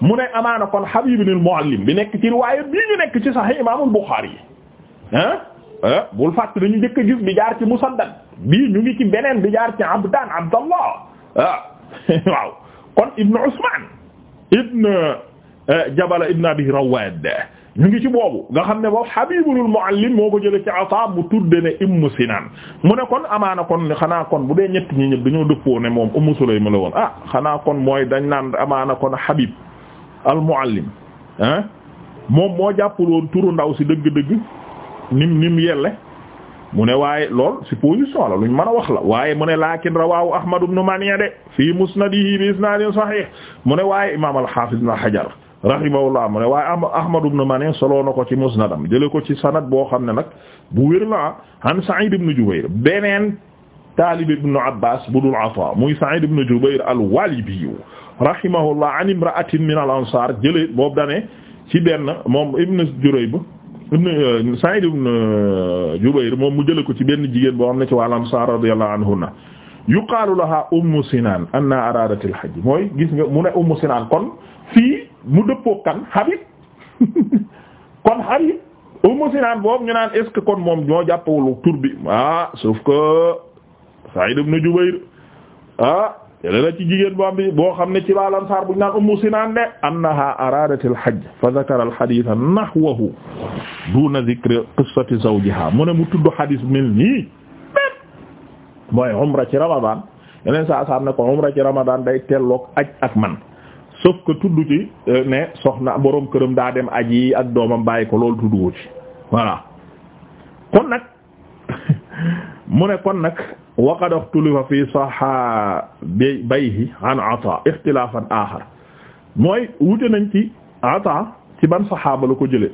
mu ne amaana kon Habib ibn al-Muallim bi nekk ci riwaaya bii ñu nekk ci Sahih Imaamul Bukhari ah, ah bul fàtt dañu njëkk a gis bi jaar ci Musaddad bii ñu ngi ci beneen bi jaar ci Abdaan Abdallah ah waaw kon Ibn Usman Ibn eh, Jabala Ibn Abi Rawad ñu ngi ci boobu nga xam ne boobu Habibul Muallim moo ko jëlee ci Ata bu tudde ne si naan mu ne kon amaana kon xanaa kon bu dee ñett ñu ñëpp dañoo dëppoo ne moom Ummu Sulaym la woon ah, xanaa kon mooy dañ naan amaana kon Habib. al-muallim moom moo jàppul woon turu ndaw si dëgg-dëgg nim nim yelle mu ne waaye lool supposition la lu mën a wax la waaye mu ne lakin rawahu ahmad ibn mania de fii musnadihi bi isnadin sahih mu ne waaye imam al-hafiz ibn hajar rahimahullah mu ne waaye ahmad ibn mania soloo na ko ci musnadam jële ko ci sanad boo xam ne nag bu wér la ah, an sa'id ibn jubayr beneen taalib ibn abbas budul ata muy sa'id ibn jubayr al-walibi rahimahullah an imra'atin min al ansar jëlee boobu dane ci benn moom ibn Jurayb ibn euh, Sa'id ibn euh, Jubayr moom mu jële ko ci benn jigéen boo xam ne ci wàll ansar radiyallahu anhunna yuqaalu laha ummu Sinan anna aradat al hajj mooy gis nga mu ne ummu Sinan kon fii mu dëppoo kan Habib kon Habib ummu Sinan boobu ñu naan est que kon moom ñoo jàppawul tur bi ah sauf que Sa'id ibn Jubayr ah jële na ci jigéen boo xam ne ci baalan saar buñ naan ummu sinaan de annaha aradat al hajj fa dhakara al hadith nahwahu duna dhikri qissati zawjiha mu ne mu tudd hadith mel nii mooy ci ramadan yeneen saa saam ne ko umra ci ramadan day telloog aj ak man sauf que tudd ci eh, ne soxna borom këram daa dem aj yi ak doomam bàyyi ko loolu tudd wu ci kon nag mu ne kon nag wa qad ixtulifa fi saxaabihi an Ataa ixtilaafan aaxar mooy wute nañ ci Ataa ci ban saxaaba la ko jëlee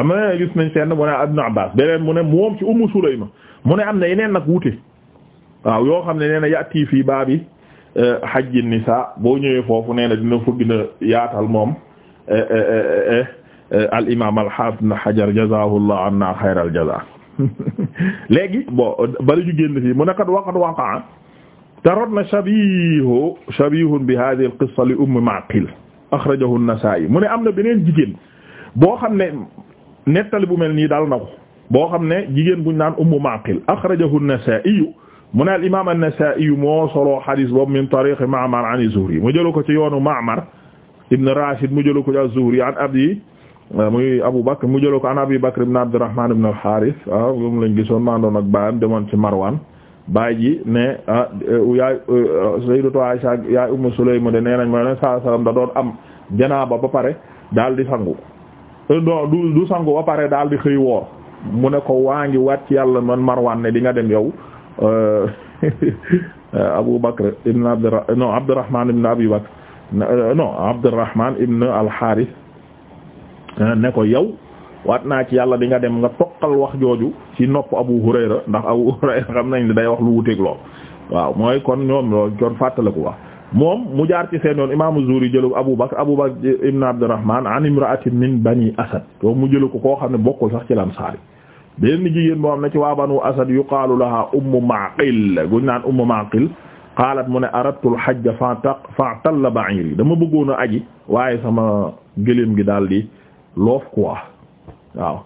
am na gis nañ seen mu ne Ibnu Abbaas beneen mu ne moom ci Ummu Sulayma mu ne am na yeneen nag wute waaw yoo xam ne nee na yàtti fii baabi eh, hajji nisaa boo ñëwee foofu nee na dina fëgg na yaatal moom eh, eh, al imaam al haafiz Ibnu Hajar jazaahullahu anna xayral jazaa léegi bon bari ñu génn fii mu ne kat waqad waqa'a te rot na shabihu shabihun bi hadhihi al-qissa li Umm Ma'qil akhrajahu an-Nasa'i mu ne am na beneen jigéen boo xam ne nettali bu mel nii daal na ko boo xam ne jigéen buñ naan Umm Ma'qil akhrajahu an-Nasa'i mu ne al-imam an-Nasa'i moo solo hadis boobu min tariq Ma'mar an az-Zuhri mu jëlu ko ci yoonu Ma'mar ibn Rashid mu jëlu ko ci az-Zuhri an abi muy Abu Bakr mu jëloo ko an Abi Bakr ibn Abdurrahman ibn al-Harith ah moom lañ gisoon maa doon ak demoon ci Marwan baay ji ne ah euh, yaay euh, Sayyidatu Aisha yaay Ummu Sulaym doon am janaaba ba pare daal di sangu euh, non ba pare daal di xëy woor mu ne ko waa ngi waat ci yàlla man Marwan di nga dem yow Abu Bakr ibn Abdurrahman non Abdurrahman Abi Bakr non Abdurrahman ibn al-Harith Eh, ne ko yow wat naa ci yàlla di nga dem nga toqal wax jooju ci nopp Abu Hurayra ndax Abu Hurayra xam nañ ne day wax lu wuteeg lool waaw mooy kon ñoom loolu kon fàttaliku wax moom mu jaar ci seen yoon imaamu Zuhri jëlu Abu Bakr Abu Bakr ibn Abdurrahman an imra'atin min bani Asad to mu jëlu ko koo xam ne bokkul sax ci Ansaar benn jigéen boo xam ne ci waa banu Asad yuqaalu laha ummu Ma'qil guñ naan ummu Ma'qil qaalat mu ne aradtu al-hajja fa fa'talla ba'iri dama bëggoon a aji waaye sama gëléem gi daal di loof quoi waaw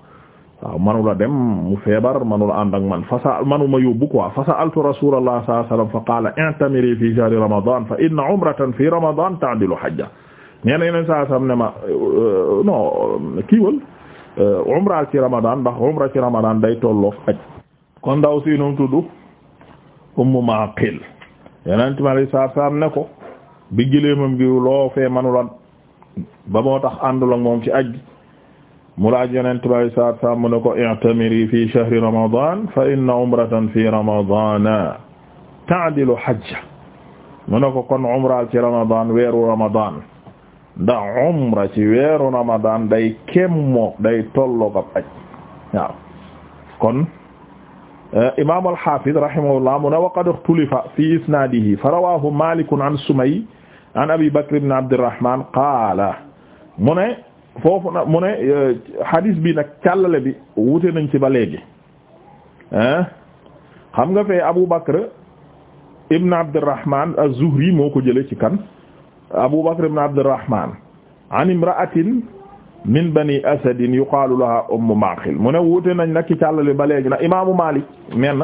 waaw manula dem mu feebar manula ànd ak man fasa manuma yóbbu fa qala i'tamiri fi shahri ramadan fi ramadan ta'dilu hajja nee na yeneen saa euh, euh, kon ndaw si num tudd ummu maqil yeneen timali saa sam ne ko bi gileemam gi loo manula ba moo tax àndul ak moom ci aj mu laaj yonent bay saat sa mu ne ko i'tamiri fi shahri ramadan fa inna umratan fi ramadana ta'dilu hajja mu ne ko kon umra ci ramadan weeru ramadan ndax umra ci weeru ramadan day kemmo day tolloog ab aj waaw kon eh, imam al-hafiz rahimahullah mu ne wa qad ixtulifa fi isnadihi fa rawahu malikun an sumay an abi bakr ibn abd arrahman qaala mu ne foofu nag mu ne euh, hadis bi nag càllale bi wute nañ ci ba léegi ah xam nga fee Abu Bakr ibn Abdurrahman az-Zuhri moo ko jëlee ci kan Abu Bakr ibn Abdurrahman an imra'atin min bani asadin yuqaalu laha ummu Maqil mu wute nañ naki ci ba léegi nag imaamu Malik menn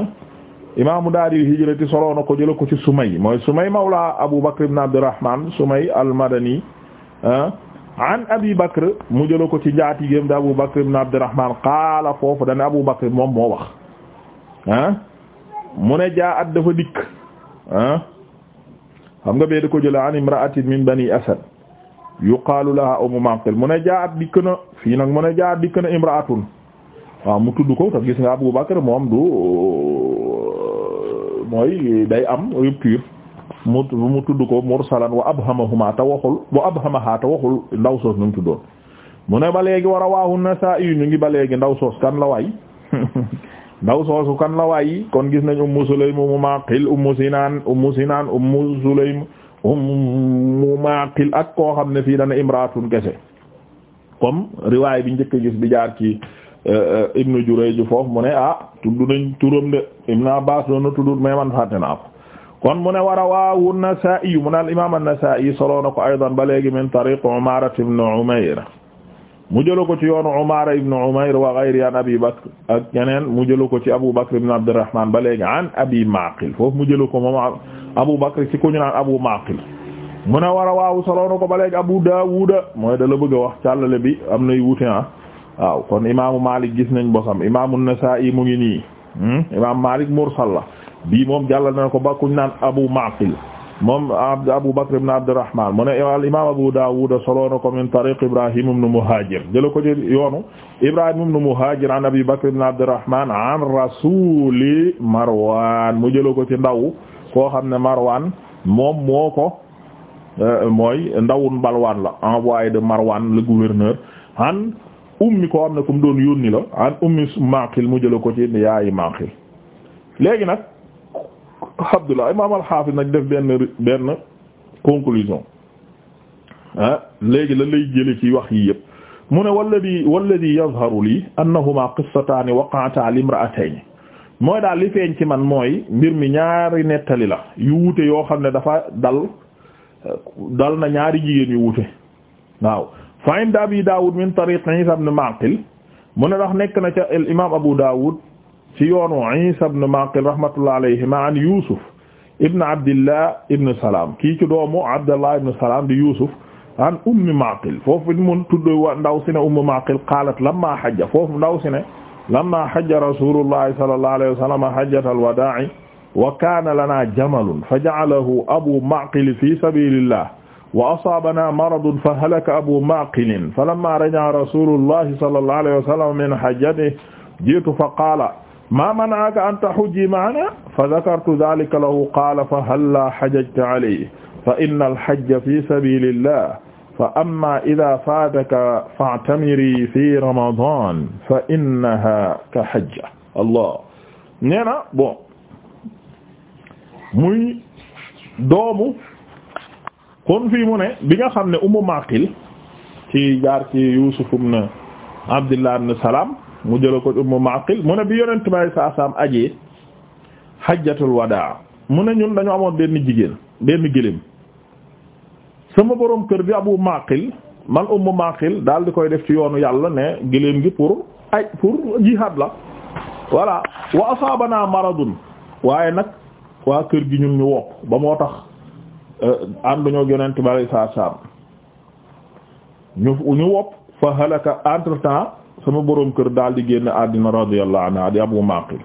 imaamu daaril hijrati soloo na ko jële ko ci Sumay mooy Sumay mawla Abu Bakr ibn Abdurrahman Sumay al-Madani ah an abi bakr mu jëla ko ci njaatigéem di abu bakr ibn abdurrahman qaala foofu dane abu bakr moom moo wax ah mu ne dafa dikk ah xam nga bee da ko jële an imra'atin min bani asad yuqaalu laha ummu maqil mu ne dikk na fii nag mu ne jaa at dikk na imra'atun waaw mu tudd ko te gis nga abu bakr moom du mooy day am rupture mu mu tudd ko mursalan wa abhamahuma te waxul wa abhamaha te waxul ndaw soos nu tuddoon mu ne ba léegi war a waahu Nasaa'i ñu ngi ba léegi ndaw soos kan la waay ndaw soosu kan la waay kon gis nañ ummu Sulaym ummu Maqil ummu Sinaan ak koo xam ne fii dana imraatun kese comme riwaay bi njëkk gis bi jaar ci euh, Ibnu Jurayj foofu mu ne ah tudd nañ turam de Ibnu Abbaas doon na tudd mais man fàtte naa kon mu ne war a waawu Nasaa'i mu ne al imaam an soloo na ko aydan ba léegi min tariq Umaara ibn Umayr mu jëlo ko ci yoonu Umaara ibn Umayr wa ghayri an Abi Bakr ak ñeneen mu jëlo ko ci Abu Bakr ibn Abdurrahman ba léegi an Abi Maqil foofu mu jëlo ko moom Abu Bakr ci ku ñu naan Abu Maqil mu ne war a waawu soloo ko ba léegi Abu Daawuda mooy da la bëgg a wax càllale bi am nay wuute ah waaw kon imaamu Maalik gis nañ bosam imaamu Nasaa'i mu ngi nii hmm? imaam Maalik mursal la bii moom jàllal na ko ba kuñ naan Abu Ma'qil moom Abu Bakr ibn Abdurrahman mu ne al imam Abu Dawud solo na ko min tariq Ibrahim ibn Muhajir jëla ko ci yoonu Ibrahim ibn Muhajir an Abi Bakr ibn Abdurrahman an rasuli Marwan mu jëla ko ci ndaw koo xam ne Marwan moom moo ko euh, mooy ndawun balwaan la envoyé de Marwan le gouverneur an ummi koo xam ne ku mu doon yónni la an ummi Maqil mu jëla ko ci yaayi Maqil léegi nag Abdullah imaam al-Hafiz nag def benn benn conclusion ah, léegi la lay jële ci wax yi yëpp mu ne walladi walladi yazharu lii annahuma qissataani waqa'ata limra'atayni mooy daal li feeñ ci man mooy mbir mi ñaari nettali la yu wuute yoo xam ne dafa dal dal na ñaari jigéen yu wuute waaw fa Abi Daawud min tariq Isa ibn Ma'qil mu ne ndax nekk na ca al imaam Abu Daawud ci yoonu Isa ibn Maqil rahmatullah alayhima an Yusuf ibn Abdillah ibn Salam kii ci doomu Abdallah ibn Salam di Yusuf an ummi Maqil foofu it mun tudd wa ndaw si ne ummi Maqil qaalat lamma hajja foofu ndaw si ne lamma hajja rasulullah sallallahu alayhi wa sallam hajjatal wadaa'i wa kaana lanaa jamalun fa ja'alahu abu Maqil fi sabilillah wa asaabanaa maradun fa halaka abu Maqil falamma raja'a rasulullah sallallahu alayhi wa sallam min hajjatihi jiitu fa qaala ma mana'aka an tahujja ma'ana fa dhakartu dhalika lahu qaala fa hallaa hajajta alayhi fa inna al-hajja fi sabilillah fa amma idha faataka fa'tamiri fi ramadan fa innaha ka hajja allah nee na bon muy doomu kon fii mu ne bi nga xam ne Ummu Maqil ci jaar ci Yusuf ibn Abdullah ibn Salam mu jëla ko Ummu Maqil mu ne bi yonent may saasaam ajee hajjatul wadaa mu ne ñun dañu amoon benn jigéen benn gëléem sama borom kër bi Abu Maqil man Ummu Maqil daal di koy def ci yoonu yàlla ne gëléem gi pour aj pour jihaad la voilà wa asaabanaa maradun waaye nag waa kër gi ñun ñu wopp ba moo tax euh, ànduñoo yonent may saasaam ñu ñu wopp fa halaka entre sama boroom kër daal di génn àddina radiyallahu anha di Abu Maqil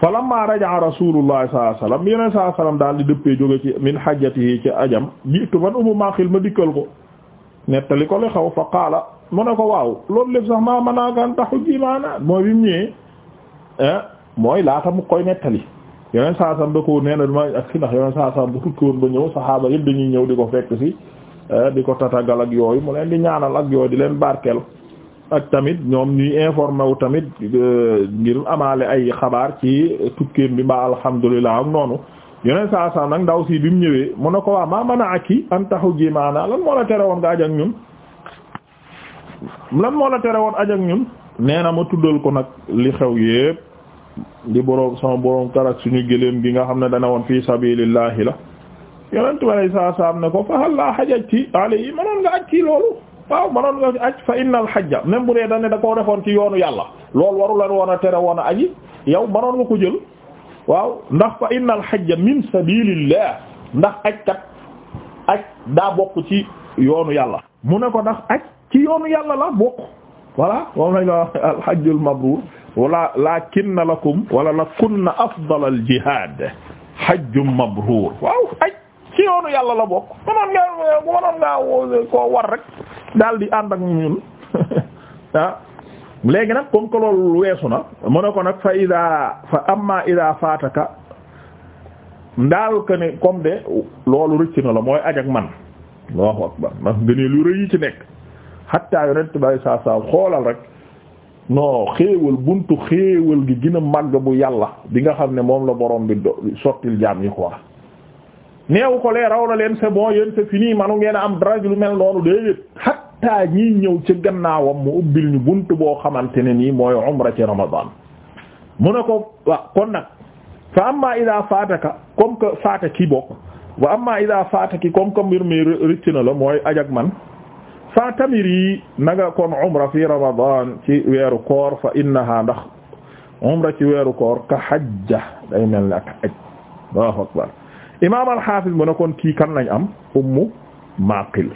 fa lamma raja'a rasulullah sallallahu alayhi daal di dëppee jóge ci min hajjatihi ci ajam jiitu man Umu ma dikkal ko ko xaw fa qaala ko waaw loolu lépp maa manaakan taxu ji maana mooy bi mu ñëwee ah, mooy laata mu koy nettali yeneen saa sam da ñëw di ko fekk si ah, di yooyu mu leen di ñaanal ak yooyu di leen barkeel ak tamit ñoom ñuy informé wu tamit euh, ngir amaale ay xabaar ci tukkeem bi mbaa alhamdulilah ak noonu yeneen saa saa nag ndaw si bi mu ñëwee mu ne ko waa maa mën a akki an taxu ji lan moo la tere woon nga aj ak ñun lan moo la tere woon ajag ak ñun nee ma tuddal ko nag li xew yépp di boroom sama boroom karak suñu gëléem gi nga xam ne dana woon fii sabilillahi la yonentu alay saa ne ko fa hal laa xajaj ci ale yi mënoon nga aj loolu waaw manoon nga fi fa innal hajja même bu dee da ne da koo defoon ci yoonu yàlla loolu waru la woon a tere woon a aji yow manoon nga ko jël waaw ndax fa innal hajja min sabilillah ndax aj kat aj daa bokk ci yoonu yàlla mu ne ko ndax aj ci yoonu yàlla la bokk voilà moom lañ la wax al hajjul mabrur wala lakinna lakum wala lakunna afdal al jihad hajjun mabrur waaw aj ci yoonu yàlla la bokk manoon nga manoon daal di ànd ak ñun ah. léegi nag comme que loolu weesu na mu ne ko nag fa ida fa amma ida faataka ndaal que ne comme de loolu rëcc na la mooy ajak man Allahu akbar ndax gënee lu rëy yi ci nekk xattaa yonent bay saa saa xoolal rek non xéewal buntu xéewal gi gën a bu yàlla bi nga xam ne moom la boroom bi do sottil jaam yi quoi neewu ko lee raw na leen c'est bon yéen c'est fini manu ngeen a am dara lu mel noonu déedéet hatta ñiy ñëw ci gannaawam mu ubbil ñu bunt boo xamante ne nii mooy umra ci mu ne ko wa kon nag fa amma ida faataka comme faata ki bokk wa amma ida faataki comme que mbir mi rëcc la mooy ajak man fa tamir yi na nga kon umra ci weeru koor fa innaha ndax umra ka hajja day mel mu ne kon kii kan lañ am ummu Maqil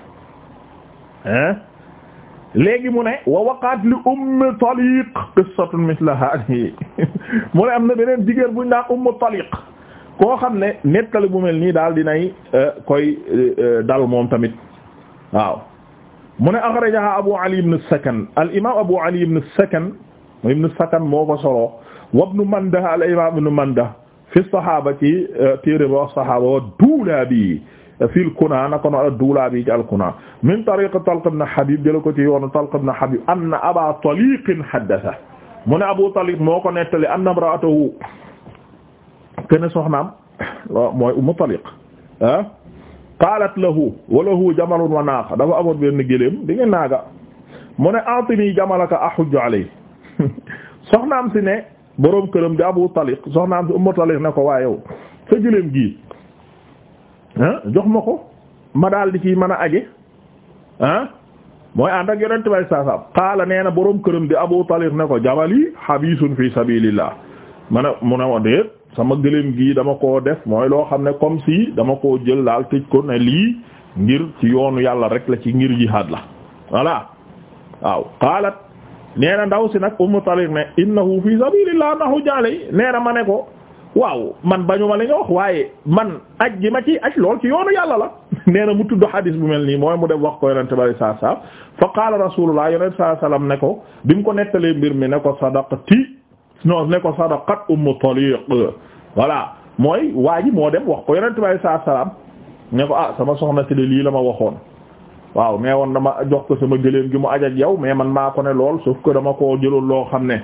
léegi mu ne wa waqaat li ummi taliq qissatun mithla hadihi mu ne am na beneen jigéen buñ naan ummu taliq koo xam ne nettali bu mel nii daal dinay euh, koy euh, dal moom tamit waaw mu ne akhrajaha abu ali ibn sakan al imam abu ali ibn sakan ibn sakan moo ko soloo wa ibn mandah al imam ibn mandah fi sahaba ci euh, téere ba sahaba wa dulabi fil kuna naka no ad-Dulabi bi al-kuna min tariq Talq ibn Habib jëla ko ci yoonu Talq ibn Habib anna Aba Taliq haddatha mu Abu Taliq moo ko nettali anna imra'atahu kenn soxnaam mooy Ummu Taliq ah qaalat lahu wa lahu jamalun wa naaqa dafa amoon benn gëléem di nga naaga mu ne a'tini jamalaka këram di Abu Taliq soxnaam si Ummu Taliq ne ko waa gi jox ma ko ma daal di ci mën a aje ah mooy ànd ak yonent bay saasam qaala nee na boroom këram di Abu Talib ne ko jabali habisun fi sabilillah ma ne mu ne ma déet sama gëléem gii dama ko def mooy loo xam ne comme si dama ko jël daal tëj ko ne lii ngir ci yoonu yàlla rek la ci ngir jihaad la voilà waaw qaalat nee ndaw si nag Ummu Talib ne innahu fi sabilillah nahu jaalay nee na ma ne ko waaw man bañu ma nga wax waaye man aj gi ma ci aj lool ci yoonu yàlla la nee na mu tudd hadis bu mel nii mooy mu def wax ko yonente bari saa saa fa qaala rasulullah yonente saa sallam ne ko bi mu ko nettalee mbir mi ne ko sadaqati non ne ko sadaqat ummu taliq voilà mooy waa ji moo dem wax ko yonente bari saa salaam ne ko ah sama soxna si de lii la ma waxoon waaw nee woon dama jox ko sama gëléem gi mu ajaj yow mais man maa ko ne lool sauf que dama koo jëloon loo xam ne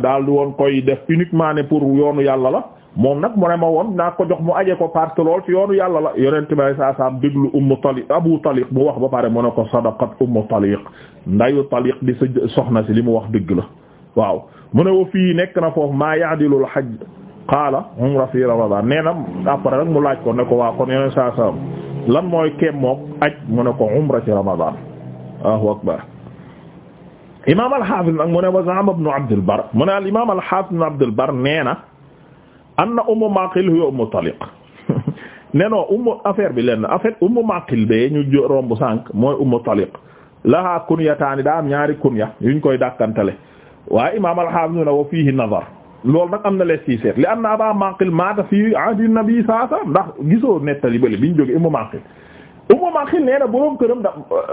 daal di woon koy def uniquement ne pour yoonu yàlla la moom nag mu ne ma woon naa ko jox mu aje ko parce lool ci yoonu yàlla la yonent bay saa saam déglu ummu taliq abu taliq mu wax ba pare mu ne ko sadaqat ummu taliq ndayu taliq di sa soxna si li mu wax dëgg la waaw mu ne wa fii nekk na foofu maa yaadilul xaj qaala umra fi ramadan nee na après rek mu laaj ko ne ko waa kon yonent saa lan mooy keem mook aj mu ne ko umra ci ramadan waaw akbar imaam al-Hafiz nag mu ne wa za'ama ibn Abd al-Barr mu ne al-imaam al-Hafiz ibn Abd al-Barr nee na anna Umm Maqil hiya Umm Taliq nee non Umm affaire bi lenn en fait Umm Maqil bee ñu romb sànq mooy Umm Taliq laha kunyataani daa am ñaari kunya yuñ koy dàkkantale waaye imaam al-Hafiz ne wa fiihi nazar loolu nag am na les ci seet li anna Aba Maqil maata fii ahdi Nabi sallallahu alayhi wasallam ndax gisoo nettali bële biñ jógee Umm Maqil Ummu Maxil nee na boroom këram da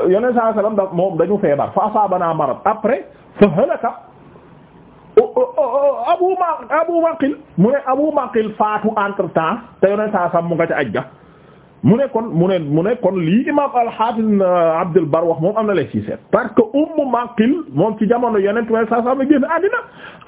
yoneen saa salaam moom dañu feebar fa asaabanaa marad après fa halaka Abu Ma Abu Maqil mu ne Abu faatu entre temps te yoneen a salaam mu nga ca ajja mu ne kon mu ne mu ne kon lii imam al-Hafiz Abdul Bar wax moom am na lay ci seet parce que Umm Maqil moom ci jamono yonent way sa sama génn àddina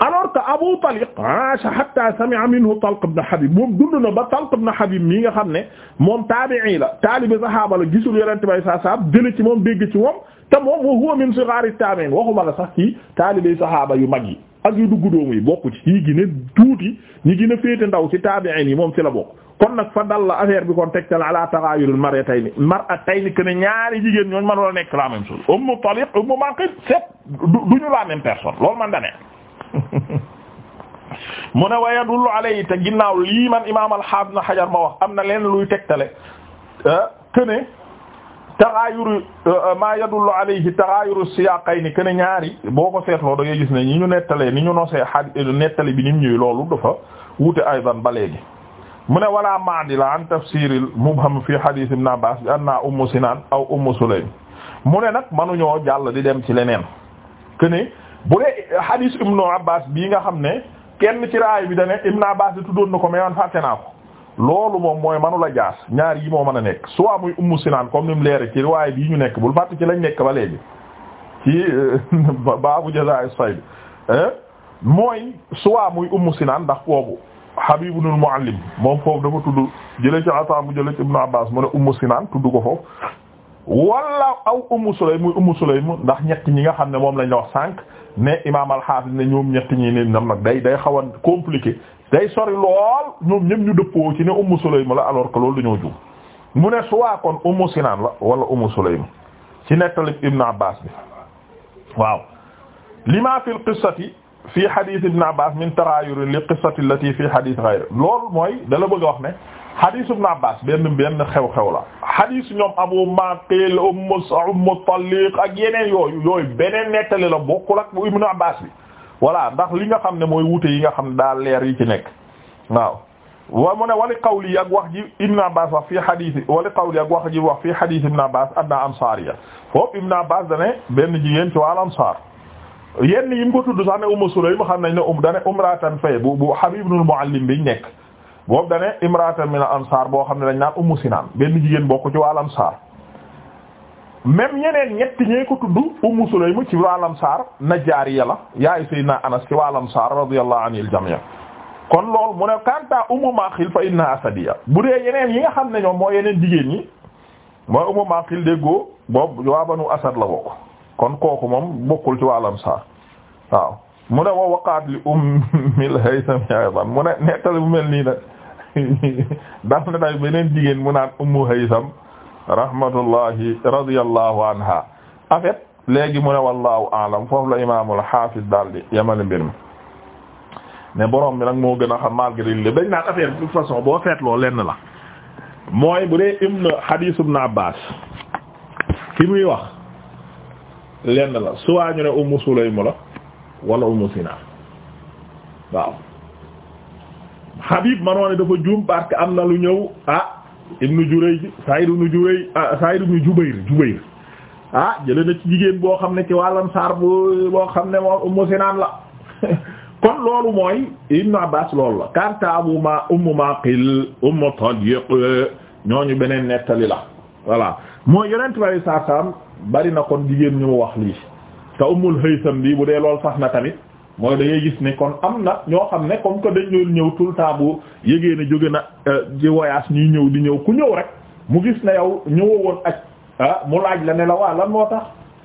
alors que Abu Taliq aasha hatta sami'a minhu Talq ibn Habib moom dund na ba Talq ibn Habib mii nga xam ne moom taabi'i la taalibi sahaaba la gisul yonent way sa saab jële ci moom dégg ci moom te moom wa huwa min sighaari taabi'in waxuma la sax ci taalibi sahaaba yu mag yi ak yu dugg doomu yi bokku ci ñi gën tuuti ñi gën a féete ndaw ci taabi'in yi moom ci la bokk kon nag fa dal la bi kon tegtal ala taghayurul mar'atayni mar'atayni que ne ñaari jigéen ñooñu mënul a nekk la même chose ummu taliq ummu manqit c'est duñu la même personne loolu man da ne mu ne wa yadullu alayhi te ginnaaw lii man imaam al-Hafiz na Hajar ma wax am na leen luy tegtale ah, que taxaayuru euh, maa yadullu alayhi taxaayuru siyaqayni ken ñaari boo ko seetloo da gis ne ñi ñu nettalee ni ñu nosee xadi euh, nettali bi ni mu loolu dafa wuute aydan ba léegi mu ne wala maadila an tafsiril mubham fi hadith ibn abbas bi anna ummu sinan aw ummu sulaym mu ne nag manuñoo jàll di dem ci leneen kene bu dee hadith ibn abbas bii nga xam ne kenn ci raay bi dane ibn abbas di tuddoon na ko mais man naa ko loolu moom mooy manula jaas ñaar yi moo mën a nekk soit muy ummu sinaan comme ni mu leere ci riwaay bii ñu nekk bul fàtt ci lañ nekk ba léegi ci euh, baabu jazaa'i sayd mooy soit muy ummu sinaan ndax boobu Habib ibn al-Muallim moom foofu dafa tudd jëlee ci Ataa mu jëlee ci Ibn Abbas mu ne ummu sinaan tudd ko foofu wala aw ummu Sulaym muy ummu Sulaym ndax ñett ñi nga xam ne moom lañ la wax sànq ne imaam al-Hafiz ne ñoom ñett ñi ne ñoom nag day day xaw a compliqué tey sori lool ñoom ñëpp ñu dëppoo ci ne Ummu Sulaym la alors que loolu dañoo jum mu ne soit kon Ummu Sinan la wala Ummu Sulaym ci nettali Ibn Abbas bi waaw lima fi qissati fi hadith Ibn Abbas min taraayur li qissati allati fi hadith ghayr loolu mooy dala bëgg a wax ne hadith Ibn Abbas benn xew-xew la hadith ñoom Abu Maqil Ummu Ummu Taliq ak yeneen yooyu yooyu beneen nettali la bokkul ak Ibn Abbas bi voilà ndax li nga xam ne mooy wute yi nga xam ne daal leer yi ci nekk waaw wa mu ne wali qawli ak wax ji Ibn Abbas wax fii xadisi wali qawli ak wax ji wax fii xadisi Ibn Abbas adna ansaariya foofu Ibn Abbas dane benn jigéen ci wàll ansaar yenn yi mu ko tudd sax ne Umm Sulaym xam nañ ne um dane umratan fay bu bu Habib ibn al-Muallim biñ nekk boobu dane imratan min al-ansaar boo xam ne dañ naan Umm Sinaan benn jigéen bokk ci wàll ansaar même ñeneen ñetti ñee ko tudd Ummu Sulaym ci waalam saar najjaariya la yaay Seydina Anas ci waalam saar radiyallahu anil jami' kon lool mu ne kanta Ummu Maqil fa inna asadiya bu dee yeneen yi nga xam ne ñoom moo yeneen jigéen ñi mooy Ummu Maqil déggoo boobu waa Asad la bokk kon kooku moom bokkul ci waalam saar waaw mu ne wa waqaat li Ummil Haytham aydan mu ne nettali bu mel nii nag dal na day beneen jigéen mu naan Ummu Haytham rahmatullahi radiyallahu anha en léegi mu ne wallahu aalam foofu la imaamul hafiz daal di yemale mbir mi ne borom bi nag moo gën a xam malgré lépp dañ naan affaire de toute façon boo feetloo lenn la mooy bu dee ibn hadith ibn abbas ki muy wax lenn la soit ñu ne ummu sulaym la wala ummu sina waaw habib manoone dafa juum parce am na lu ñëw ah, ibnu Jurayj Saïd ibnu Jurayj ah, Saïd ibnu Jubayr Jubayr ah jëlee ci jigéen boo xam ne ci wàllam saar bu boo xam ne moom Ummu Sinaan la kon loolu mooy Ibnu Abbaas loolu la karta Abu ma Ummu Maqil Ummu Tadiq ñooñu beneen nettali la voilà mooy yonent bari saar saam bari na kon jigéen ñu wax lii te Ummul Haytham bi bu dee lool sax na tamit mooy da gis ne kon am na ñoo xam ne comme que dañ doon ñëw tout le bu yëgee ne jóge na ci euh, voyage ñuy ñëw di ñëw ku ñëw rek mu gis na yow ñëwoo woon ak ah, mu laaj la ne la waa lan moo tax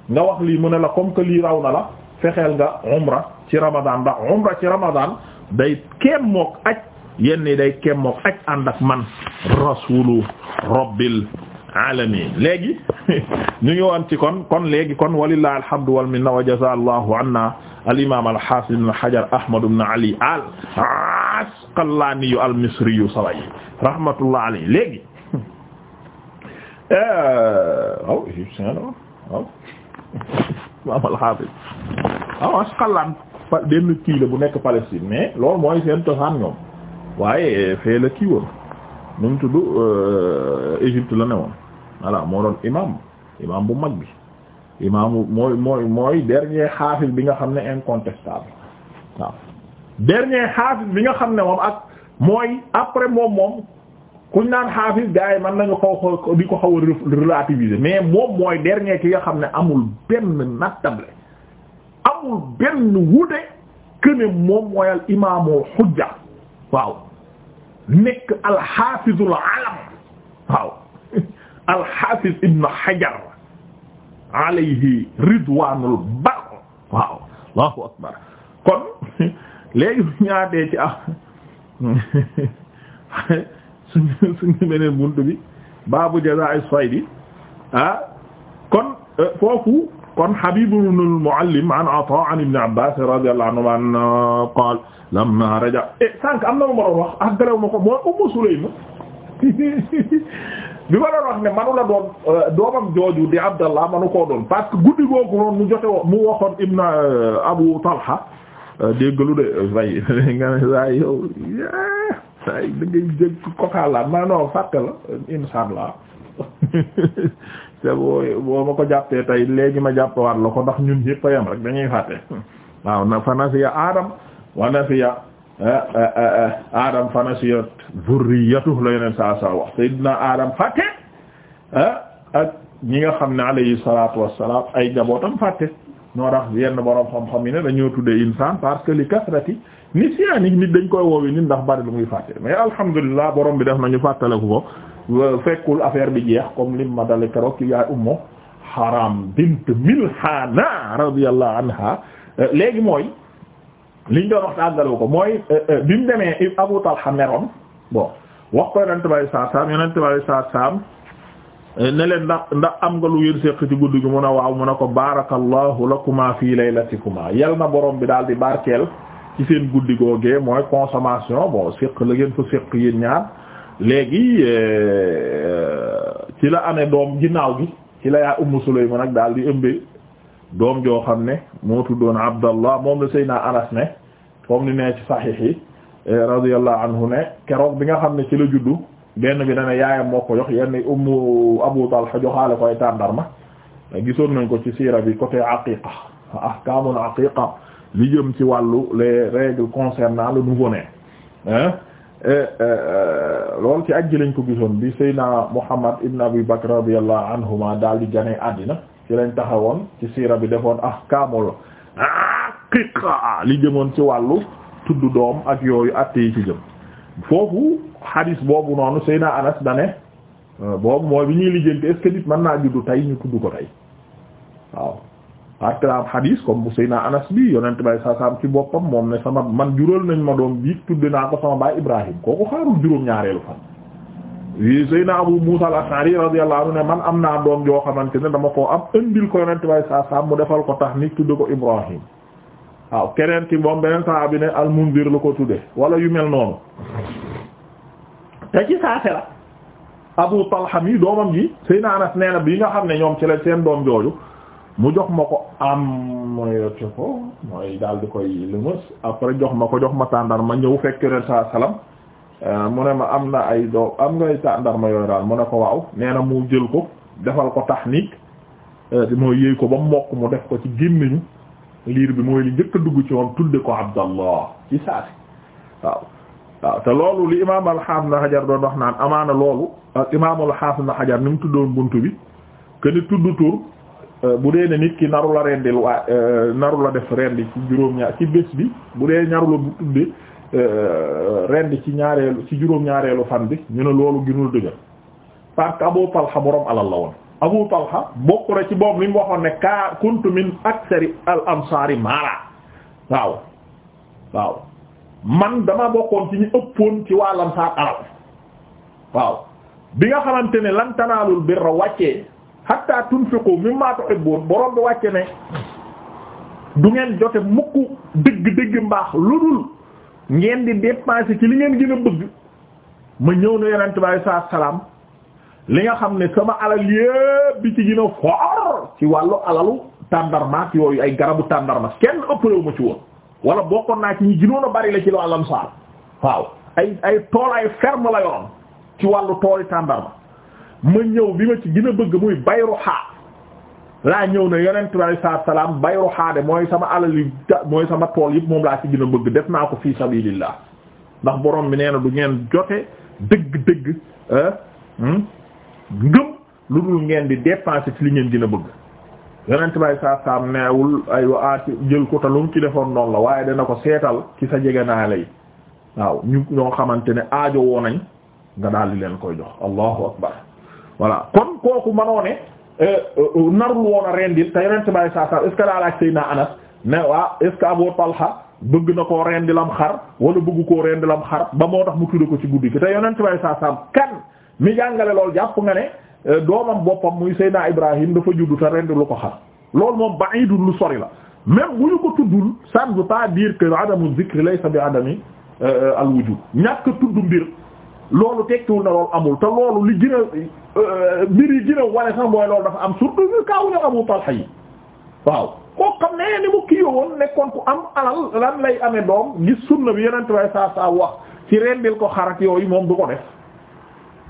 nga wax lii mu ne la comme que lii raw na la fexeel nga umra ci ramadan ndax umra ci ramadan day keem mook aj yenn day keem mook aj ànd ak man rasulu rabbil alamin léegi ñu ngi woon ci kon kon léegi kon walillahi alhamdu wal minna wa jazaa allahu anna al imam al hafiz ibn hajar ahmad ibn ali al asqalani yu al misri yu saway rahmatullah alayhi léegi eh, waaw égyptien la waaw imam al hafiz waaw asqalan benn kii la bu nekk Palestine mais loolu mooy seen cosaan ñoom waaye fee la kii woon nu mu tudd euh, Égypte la ne woon voilà moo doon imam imam bu mag bi imaamu mooy mooy mooy dernier xaafis bi nga xam ne incontestable waaw dernier xaafis bi nga xam ne moom ak mooy après moom moom kuñ naan xaafis gars yi man nañu xaw xaw di ko xaw a mais moom mooy dernier ki nga xam ne amul benn nattable amul benn wuute que moom mooy al imaamul xujja waaw nekk al xaafizul alam waaw alxaafis ibn Hajar alayhi ridwaanul bar waaw allahu akbar kon léegi bu ñaatee ci ah suñu suñu beneen bunt bi baabu jazaa'i saydi ah kon euh, foofu kon Habib ibn al-Muallim an Ata an Ibn Abbas radiyallahu anhuma an qaal lamma raja e eh, sànq am na lu ma doon wax ak ah, garaw ma ko mooy Umm Sulaym bi ma doon wax ne manu la doon euh, doomam jooju di Abdallah manu koo doon parce guddi googu noonu mu jote mu waxoon ibn euh, Abu Talha euh, déggalu de fay nga ne saa yow say da ngay jég kokaalaan ma non fàtte la insaan te boo boo ma ko jàppee tey léegi ma jàppawaat la ko ndax ñun yëpp a rek dañuy fàtte waaw na fa nasiya Adam wa nasiya Eh, eh, eh, adam fanasiyat zurriyatuhu la yeneen saa saa wax sayyidina adam fàtte ak ñi nga xam ne alayhi salaatu wassalaam ay njabootam fàtte ñoo tax yenn borom xam-xam yi ne dañoo tuddee insaan parce que li kasrati nisyaani nit dañ koy woowi nit ndax bari lu muy fàtte mais alhamdulilah borom bi def nañu fàttaleku ko fekkul affaire bi jeex comme lim ma dale keroog ci yaay ummu haram bint milhana radiyallahu anha léegi mooy liñ doon wax tàggalewu ko mooy euh, euh, bi demee Abu Talha meroon bon wax ko yonent bi saa saam yonent bi saa saam euh, ne leen ndax ndax am nga lu yéen seq ci guddi gi mun a waaw mun a ko barakallahu lakuma fii laylatikuma yal na borom bi daal di barkeel ci seen guddi googee mooy consommation bon seq la ngeen fa seq yéen ñaar léegi ci la amee doom ginnaaw gi ci la yaa yi Sulayman nag daal di ëmbee doom joo xam ne moo tuddoon Abdallah moom la Seydina Anas ne comme ni nee ci saxiix yi eh, radiyallahu anhu ne keroog bi nga xam ne ci la juddu benn bi dana yaayam moo ko jox yenn ummu Abu Talha joxaale koy tàndarma gisoon nañ ko ci siira bi côté aqiqa ahkaamul aqiqa li jëm ci wàllu les règles concernant le nouveau-né eh, eh, loolu ci ajji lañ ko gisoon bi Seydina Muhammad ibn Abi Bakr radiyallahu anhuma daal di gane àddina ci lañ taxawoon ci siira bi defoon ahkaamul aqiqa li jëmoon ci wàllu tudd doom ak yooyu àtte yi ci jëm foofu hadis boobu noonu Seyna Anas dane euh, boobu mooy bi ñuy lijjanti est-ce que nit naa juddu tey ñu tudd ko tey waaw aktram hadis comme bu Seyna Anas bi yonent bay saasaam ci boppam moom ne sama man jural nañ ma doom bi tudd naa ko sama baay Ibrahim kooku xaarul juróom ñaareelu fan yi Seydina Abu Muusa al-Ash'ari radiyallahu ne man am naa doom joo xamante ne dama koo am indil ko yonent bay saa mu defal ko tax ni tudd ko Ibrahim waaw keneen ki moom beneen saa bi ne al-Munzir la ko tudde wala yu mel noonu te ci saase la Abu Talha mi doomam ji Seydina Anas nee na bi nga xam ne ñoom ci la seen doom jooju mu jox ma ko am moytu ko mooy daal di koy limus après jox ma ko jox ma tàndar ma ñëw fekk yonent saa salaam Euh, mu ne ma am na ay doo am ngay ma yooyu daal mu ne ko waaw nee na mu jël ko defal ko tahnik euh, mooy yëy ko ba mokk mu def ko ci gémmiñu liir bi mooy li njëkk dugg ci moom tudde ko abdallah ci saasi waaw waaw te loolu li imaam alxaafis na xajar doon wax naan amaana loolu ak imaamul xaafis na xajar ni mu tuddoon bunt bi que ni tudd tur euh, bu dee ne nit ki naru la rendil waa naru la def rendi ci juróom ñaar ci bés bi bu dee ñaru la bu tudde rendi ci ñaareelu ci juróom-ñaareelu fan bi ñu ne loolu gënul dëgër parce que Abu Talha alal la woon Abu Talha bokk na ci boobu li waxoon ne ka kuntu min aksari al ansaari maala waaw waaw man dama bokkoon ci ñu ëppoon ci waa lansaar alal waaw bi nga xamante ne lan tanaalul birra wàccee hatta tunfiqu mimma tuhibbun borom bi wàcce ne du ngeen jote mukk dégg dëgg mbaax lu dul ngeen di dépenser ci li ngeen gën bëgg ma ñëw na yonent bi alayhi salaam li nga xam ne sama alal yépp bi ci gën a ci wàllu alalu tàndarmaak yooyu ay garabu tàndarma kenn ëppalewu ma ci woon wala bokkoon naa ci ñi gënoon a bari la ci loolu alam saal waaw ay ay tool ay ferme la yoroon ci wàllu tooli tàndarma ma ñëw bi ma ci gën a bëgg muy bayru xaa laa ñëw na yonent bi alayhi salaam bayru xaade mooy sama alal yi mooy sama tool yëpp moom laa ci gën a bëgg def naa ko fii sabilillah ndax borom bi nee na du ngeen jote dëgg-dëgg ah, hmm, ngëm lu dul ngeen di dépenser ci li ngeen gën a bëgg yonent bi alayhi salaatu salaam neewul ay wa aati jël ko te lu mu ci defoon noonu la waaye dana ko seetal ci sa jegenaale yi waaw ñu ñoo xamante ne aajo woo nañ nga daal di leen koy jox allahu akbar voilà kon kooku mënoo Euh, euh, narul woon a rendil te yonent bay saa saa est ce que daa laaj Seydina Anas ne waa est ce que Abu Talha bëgg na koo rendilam xar wala bëgg koo rendilam xar ba moo tax mu tudd ko ci guddi gi te yonent bay saa saa kan mi jàngale loolu jàpp nga ne euh, doomam boppam muy Seydina Ibrahim dafa juddu te lu ko xar loolu moom du lu sori la même bu ñu ko tuddul ça ne veut pas dire que adamu zikri laysa bi adami al wujud ñàkk tudd mbir. loolu tekkiwul na loolu amul te loolu li gën euh, mbir yi gën a sax mooy loolu dafa am surtout ñu kaaw ñoom Abu Talha yi waaw koo xam ne ni mu kii woon nekkoon ku am alal lan lay amee doom gis sunna bi yeneen way saa saa wax ci rendil ko xarak yooyu moom du ko def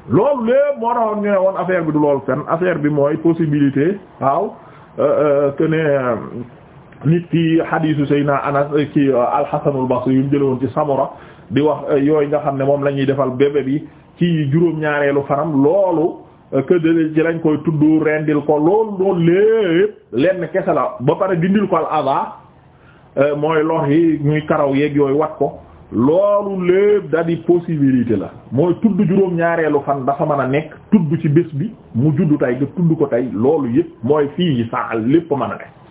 loolu lépp moo taxoon ñu ne woon affaire bi du loolu fenn affaire bi mooy possibilité waaw euh, euh, que ne nit ki hadisu Seydina Anas ci eh, eh, al-Hasanul Basri yu mu woon ci Samura di wax eh, yooyu nga xam ne moom la ñuy defal bébé yi ci juróom-ñaareelu fanam loolu que de ci lañ koy tudd rendil ko loolu loolu lépp lenn kese la ba pare dindil ko al ada mooy lox yi ñuy karaw yeeg yooyu wat ko loolu lépp da di possibilité la mooy tudd juróom-ñaareelu fan dafa mën a nekk tudd ci bés bi mu judd tey nga tudd ko tey loolu yëpp mooy fii yi saal lépp mën a nekk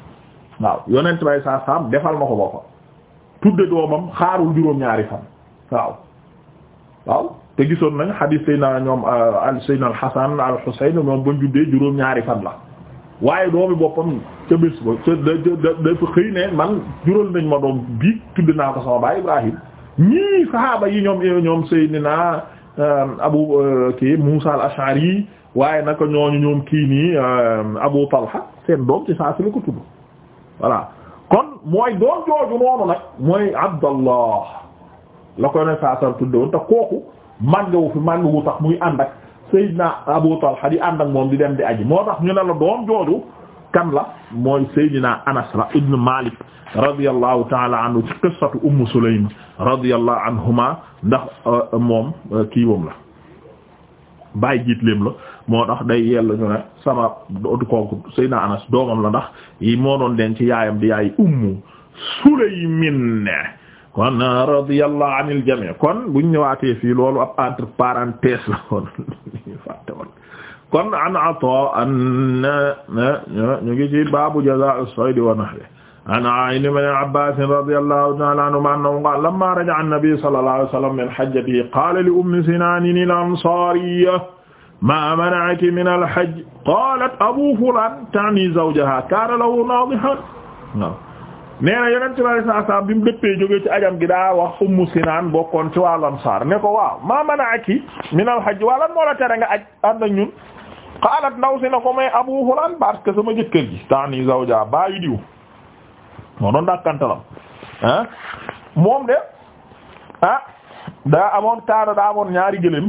waaw yonent bay saa saam defal ma ko boppam tudde doomam xaarul juróom-ñaari fan waaw waaw te gisoon nañ xadiis na ñoom euh, al sayna al Hasan al Husayn moom ba juddee juróom-ñaari fan la waaye doomi boppam ca bés ba ca dafa xëy ne man jural nañ ma doom bii tudd naa ko sama baay Ibrahim ñii saxaaba yi ñoom ñoom Seydina euh, Abu euh, kii Muusa al-Ash'ari waaye naka ñooñu ñoom kii nii Abu Talha seen doom ci saa si la ko tudd voilà kon mooy doom jooju noonu nag mooy abdallah la koy ne saasal tuddoon te kooku màgg wu fi tax muy ànd ak Seydina Abu Talha di moom di dem di aji moo tax ñu ne la doom jooju kan la mooy Seydina Anas la ibn Malik radiyallahu taala anhu ci qissatu Umm Sulaym radiyallahu anhuma ndax euh, moom euh, kii moom la bàyyi jiitleem la moo tax day yellu ñu ne sama du kooku Seydina Anas doomam la ndax yi moo doon denc yaayam di yaay ummu Sulaymin kon radiyallahu anil jami' kon buñ ñëwaatee fii loolu ab entre parenthèses la kon an ato an ñu ngi ci baabu jazaa as-sayd wa nahwi an Aa'in ibn Abbaas radiyallahu ta'ala anhumaa annahu qaala lammaa raja'a an-nabiyyu sallallahu alayhi wa sallam min hajjatihi qaala li Ummi Sinaan al-Ansaariyya maa mana'aki mina al-hajj qaalat Abuu Fulaan ta'nii zawjahaa kaana lahu naadihan waaw nee na Yonent bi sallallahu alayhi wa sallam bi mu dëppee jógee ci ajam gi daa wax Ummu Sinaan bokkoon ci waa Ansaar ne ko waaw maa mana'aki mina al-hajj wala moo la tere nga aj ànd ak ñun qaalat ndaw si ne ko may Abuu Fulaan parce que sama jëkkër ji ta'nii zawjahaa baayu diw moo doon dàkkantalam ah moom de ah daa amoon kaana daa amoon ñaari gëléem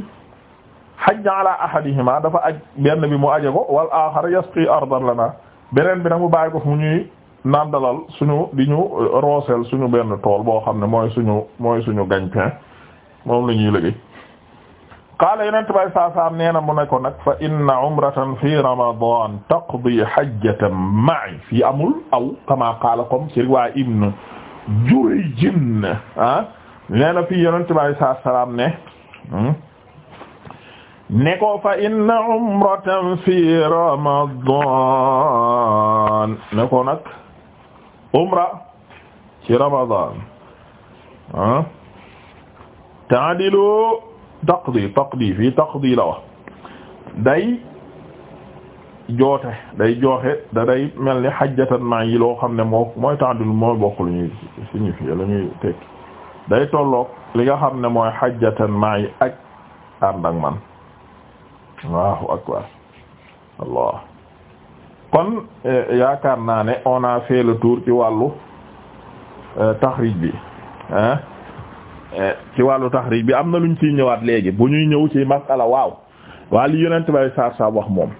hajja ala ahadihima dafa aj benn bi mu aje ko wal axar yasqi ardan lana beneen bi nag mu bàyyi ko fu ñuy naan dalal suñu di ñu rooseel suñu benn tool boo xam ne mooy suñu mooy suñu gagne-pain moom la ñuy liggéey qaala yeneen tubaab yi saa saa nee na mu ne ko nag fa inna umratan fi ramadan taqdi hajjatan ma'i fii amul aw kama qaala comme ci riwaaya ibn Jurayj ah nee na fii yeneen tubaab yi saa saa ne hmm, ne ko fa inna umratan fi ramadan ne ko nag umra ci ramadan ah ta'dilu taqdi taqdi fii taqdi la wax day joote day jooxe da day mel ni xajjatan ma loo xam ne moo mooy tàndul mooy bokk lu ñuy signifie la ñuy tekki day tolloog li nga xam ne mooy xajjatan ma yi ak ànd ak man waaw akbar allah kon eh, yaakaar naa ne on a fait ci wàllu eh, taxrij bi hein ci wàllu taxriij bi am na luñ ciy ñëwaat léegi bu ñuy ñëw ci masala waaw waa li yonent bay saar saab wax moom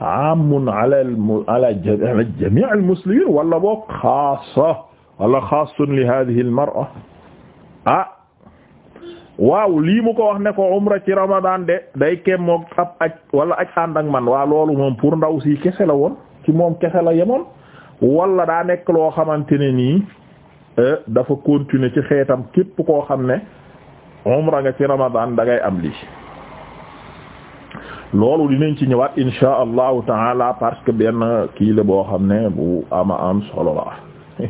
amun ala ala jamii al muslimin wala boog xaasa wala xaasun li hadihi al mar'a ah, waaw lii mu ko wax ne ko umra ci ramadan de day kemmoog ab aj wala aj ànd ak man waa loolu moom pour ndaw si kese la woon ci moom kese la yemoon wala daa nekk loo xamante ne nii Euh, dafa continuer ci xeetam képp koo xam ne umra nga ci ramadan da ngay am lii loolu dinañ ci ñëwaat insha allahu taala parce que benn kii la boo xam ne bu ama am solo la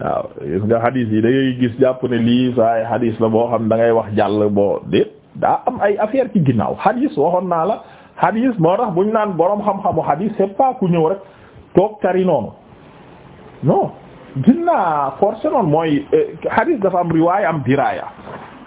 waaw gis nga xadiis yi da gis jàpp ne lii saay xadiis la boo xam ne da ngay wax jàll boo déet daa am ay affaire ci ginnaaw xadiis waxoon naa la xadiis moo tax buñ naan boroom xam-xamu xadiis c'est pas ku ñëw rek toog tari noonu dinaa forcé noonu mooy eh, hadis dafa am riwaaya am diraya